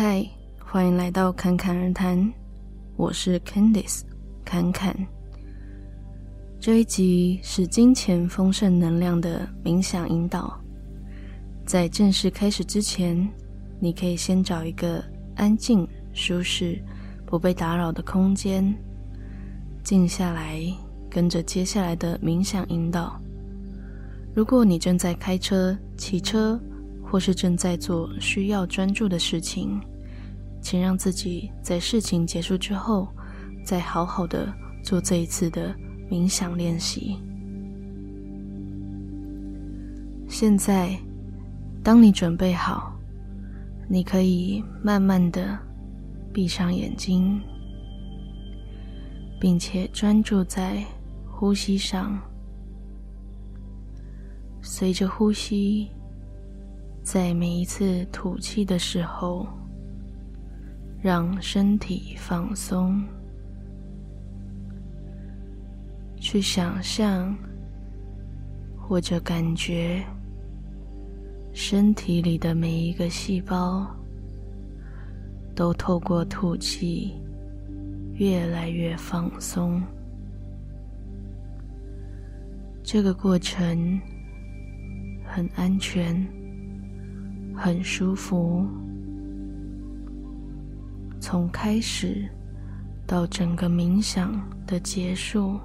嗨，Hi, 歡迎來到坎坎而談，我是 Candice，坎坎。這一集是金錢豐盛能量的冥想引導。在正式開始之前，你可以先找一個安靜、舒適、不被打擾的空間，靜下來，跟着接下來的冥想引導。如果你正在開車、騎車，或是正在做需要專注的事情，請讓自己在事情結束之後，再好好的做這一次的冥想練習。現在，當你準備好，你可以慢慢的閉上眼睛，並且專注在呼吸上，隨着呼吸，在每一次吐氣的時候，讓身體放鬆，去想象或者感覺身體裡的每一個細胞都透過吐氣越來越放鬆。這個過程很安全。很舒服，從開始到整個冥想的結束，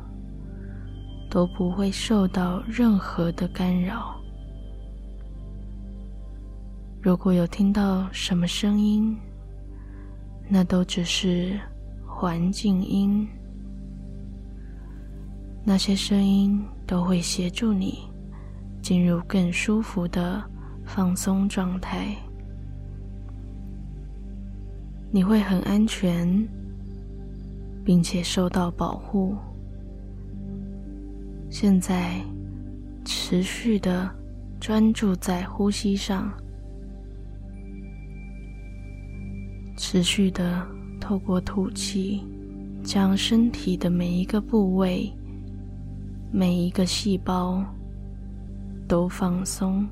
都不會受到任何的干擾。如果有聽到什麼聲音，那都只是環境音。那些聲音都會協助你進入更舒服的。放鬆狀態，你會很安全，並且受到保護。現在，持續的專注在呼吸上，持續的透過吐氣，將身體的每一個部位、每一個細胞都放鬆。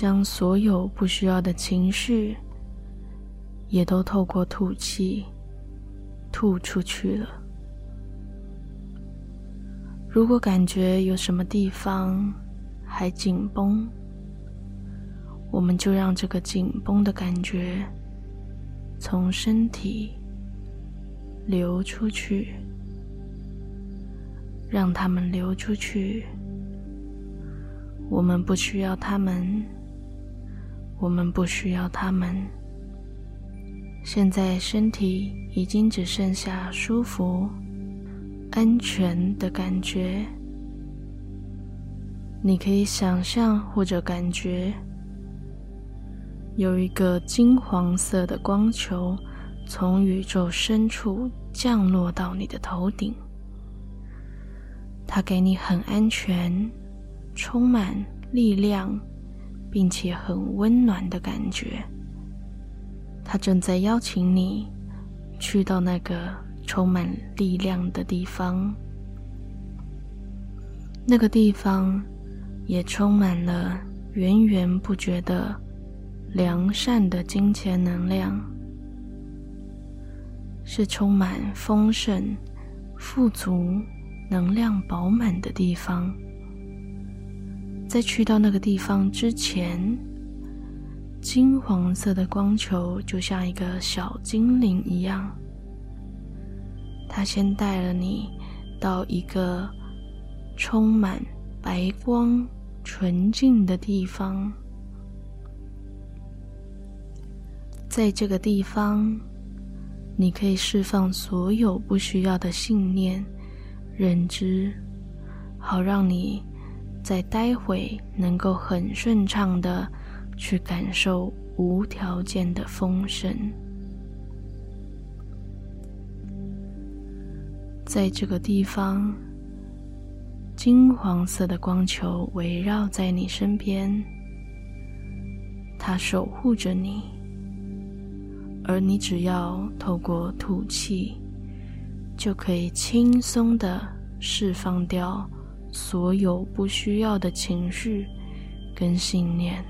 將所有不需要的情緒，也都透過吐氣吐出去了。如果感覺有什麼地方還緊繃，我們就讓這個緊繃的感覺從身體流出去，讓它們流出去。我們不需要它們。我們不需要他們。現在身體已經只剩下舒服、安全的感覺。你可以想象或者感覺有一個金黃色的光球從宇宙深處降落到你的頭頂，它給你很安全、充滿力量。並且很溫暖的感覺，他正在邀請你去到那個充滿力量的地方。那個地方也充滿了源源不絕的良善的金錢能量，是充滿豐盛、富足、能量飽滿的地方。在去到那個地方之前，金黃色的光球就像一個小精靈一樣，它先帶了你到一個充滿白光、純淨的地方。在這個地方，你可以釋放所有不需要的信念、認知，好讓你，在待會能夠很順暢的去感受無條件的豐盛，在這個地方，金黃色的光球圍繞在你身邊，它守護着你，而你只要透過吐氣，就可以輕鬆的釋放掉。所有不需要的情緒跟信念，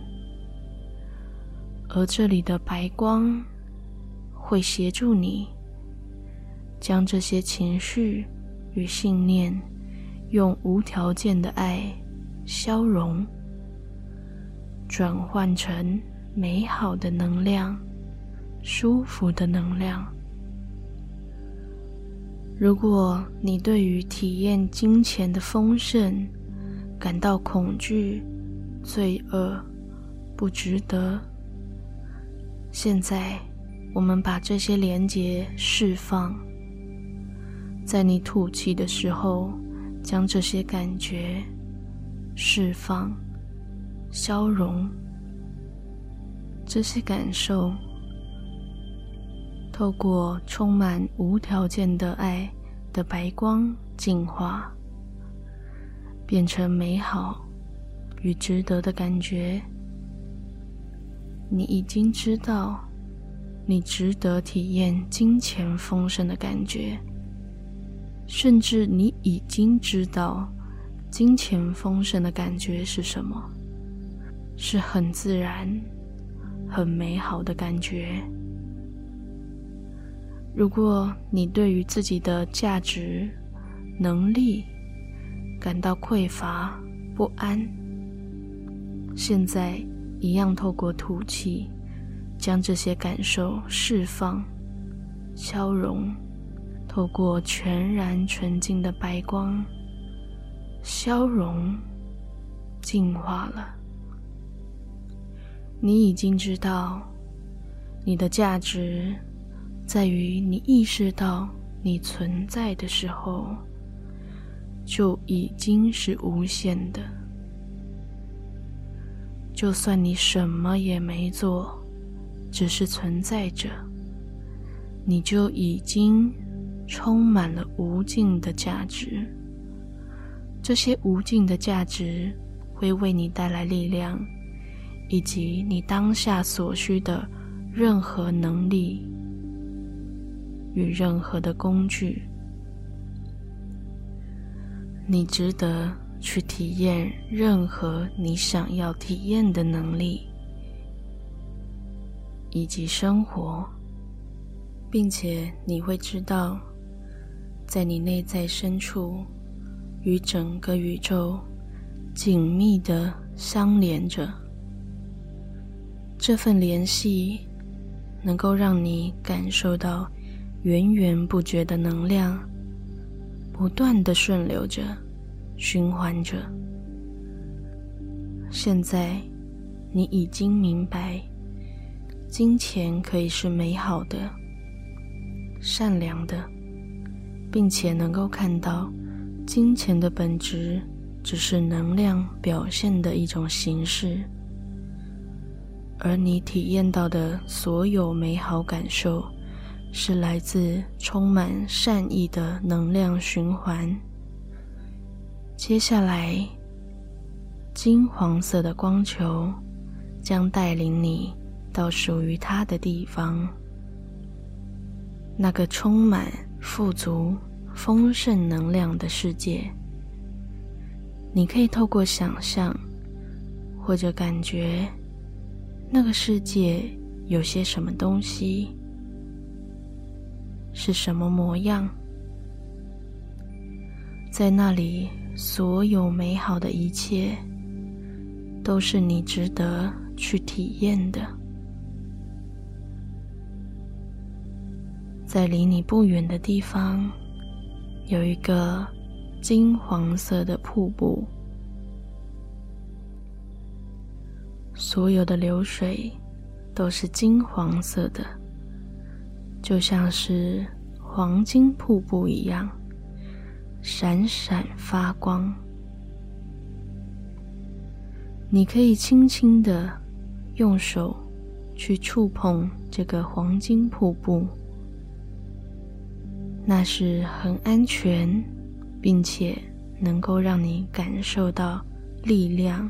而這裡的白光會協助你，將這些情緒與信念用無條件的愛消融，轉換成美好的能量、舒服的能量。如果你對於體驗金錢的豐盛感到恐懼、罪惡、不值得，現在我們把這些連結釋放。在你吐氣的時候，將這些感覺釋放、消融，這些感受。透過充滿無條件的愛的白光淨化，變成美好與值得的感覺。你已經知道，你值得體驗金錢豐盛的感覺。甚至你已經知道，金錢豐盛的感覺是什麼，是很自然、很美好的感覺。如果你對於自己的價值、能力感到匱乏、不安，現在一樣透過吐氣，將這些感受釋放、消融，透過全然純淨的白光消融、淨化了。你已經知道你的價值。在於你意識到你存在的時候，就已經是無限的。就算你什麼也沒做，只是存在着，你就已經充滿了無盡的價值。這些無盡的價值會為你帶來力量，以及你當下所需的任何能力。與任何的工具，你值得去體驗任何你想要體驗的能力，以及生活，並且你會知道，在你內在深處與整個宇宙緊密的相連着。這份聯繫能夠讓你感受到。源源不絕的能量，不斷的順流着，循環着。現在，你已經明白，金錢可以是美好的、善良的，並且能夠看到，金錢的本質只是能量表現的一種形式，而你體驗到的所有美好感受。是來自充滿善意的能量循環。接下來，金黃色的光球將帶領你到屬於它的地方——那個充滿富足、豐盛能量的世界。你可以透過想象或者感覺，那個世界有些什麼東西。是什麼模樣？在那裡，所有美好的一切，都是你值得去體驗的。在離你不遠的地方，有一個金黃色的瀑布。所有的流水都是金黃色的。就像是黃金瀑布一樣閃閃發光。你可以輕輕的用手去觸碰這個黃金瀑布，那是很安全，並且能夠讓你感受到力量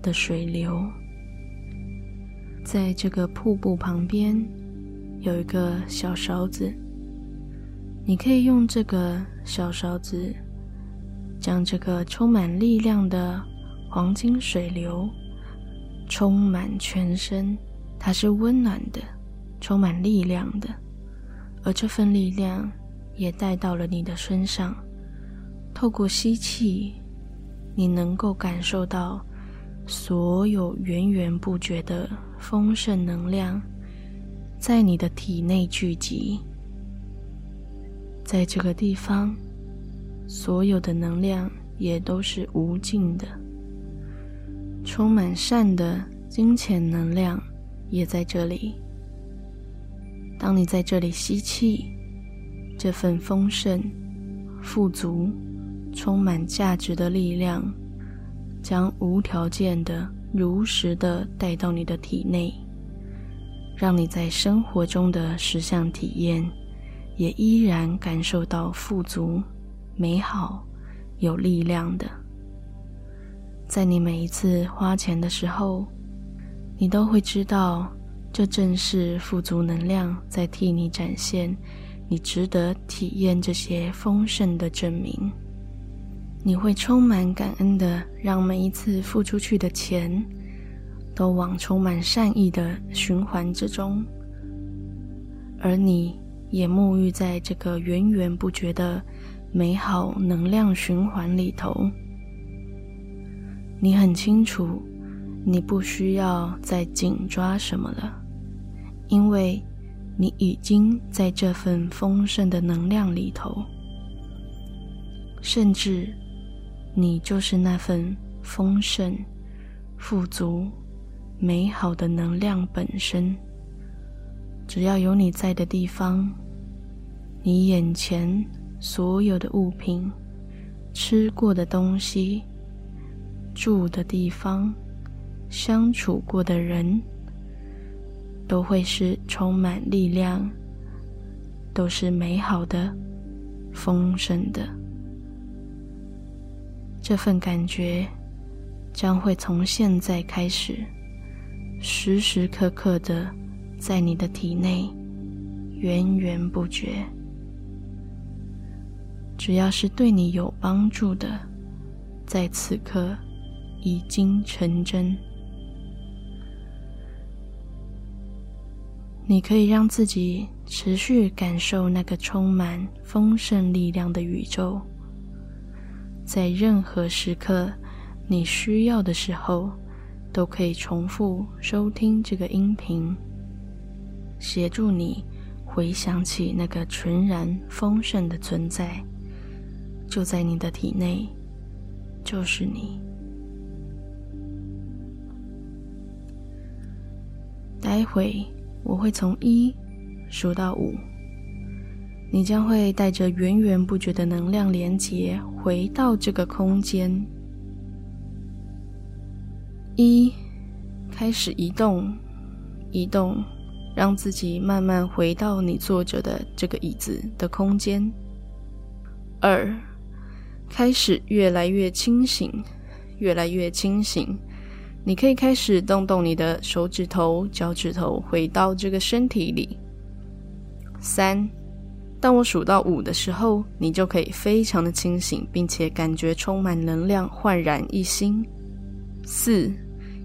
的水流。在這個瀑布旁邊。有一個小勺子，你可以用這個小勺子，將這個充滿力量的黃金水流充滿全身。它是溫暖的，充滿力量的，而這份力量也帶到了你的身上。透過吸氣，你能夠感受到所有源源不絕的豐盛能量。在你的體內聚集，在這個地方，所有的能量也都是無盡的，充滿善的金錢能量也在這裡。當你在這裡吸氣，這份豐盛、富足、充滿價值的力量，將無條件的、如實的帶到你的體內。讓你在生活中的實相體驗，也依然感受到富足、美好、有力量的。在你每一次花錢的時候，你都會知道，這正是富足能量在替你展現，你值得體驗這些豐盛的證明。你會充滿感恩的，讓每一次付出去的錢。都往充滿善意的循環之中，而你也沐浴在這個源源不絕的美好能量循環裡頭。你很清楚，你不需要再緊抓什麼了，因為你已經在這份豐盛的能量裡頭，甚至你就是那份豐盛、富足。美好的能量本身，只要有你在的地方，你眼前所有的物品、吃過的東西、住的地方、相處過的人，都會是充滿力量，都是美好的、豐盛的。這份感覺將會從現在開始。時時刻刻的在你的體內源源不絕。只要是對你有幫助的，在此刻已經成真。你可以讓自己持續感受那個充滿豐盛力量的宇宙。在任何時刻你需要的時候。都可以重複收聽這個音頻，協助你回想起那個純然豐盛的存在，就在你的體內，就是你。待會我會從一數到五，你將會帶着源源不絕的能量連接回到這個空間。一，開始移動，移動，讓自己慢慢回到你坐着的這個椅子的空間。二，開始越來越清醒，越來越清醒。你可以開始動動你的手指頭、腳趾頭，回到這個身體裡。三，當我數到五的時候，你就可以非常的清醒，並且感覺充滿能量，煥然一新。四，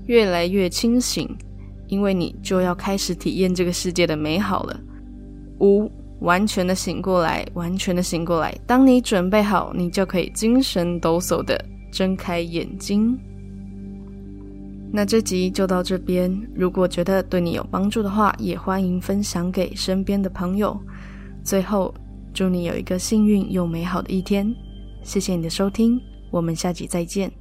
越來越清醒，因為你就要開始體驗這個世界的美好了。五，完全的醒過來，完全的醒過來。當你準備好，你就可以精神抖擻地睜開眼睛。那這集就到這邊。如果覺得對你有幫助的話，也歡迎分享給身邊的朋友。最後，祝你有一個幸運又美好的一天。謝謝你的收聽，我們下集再見。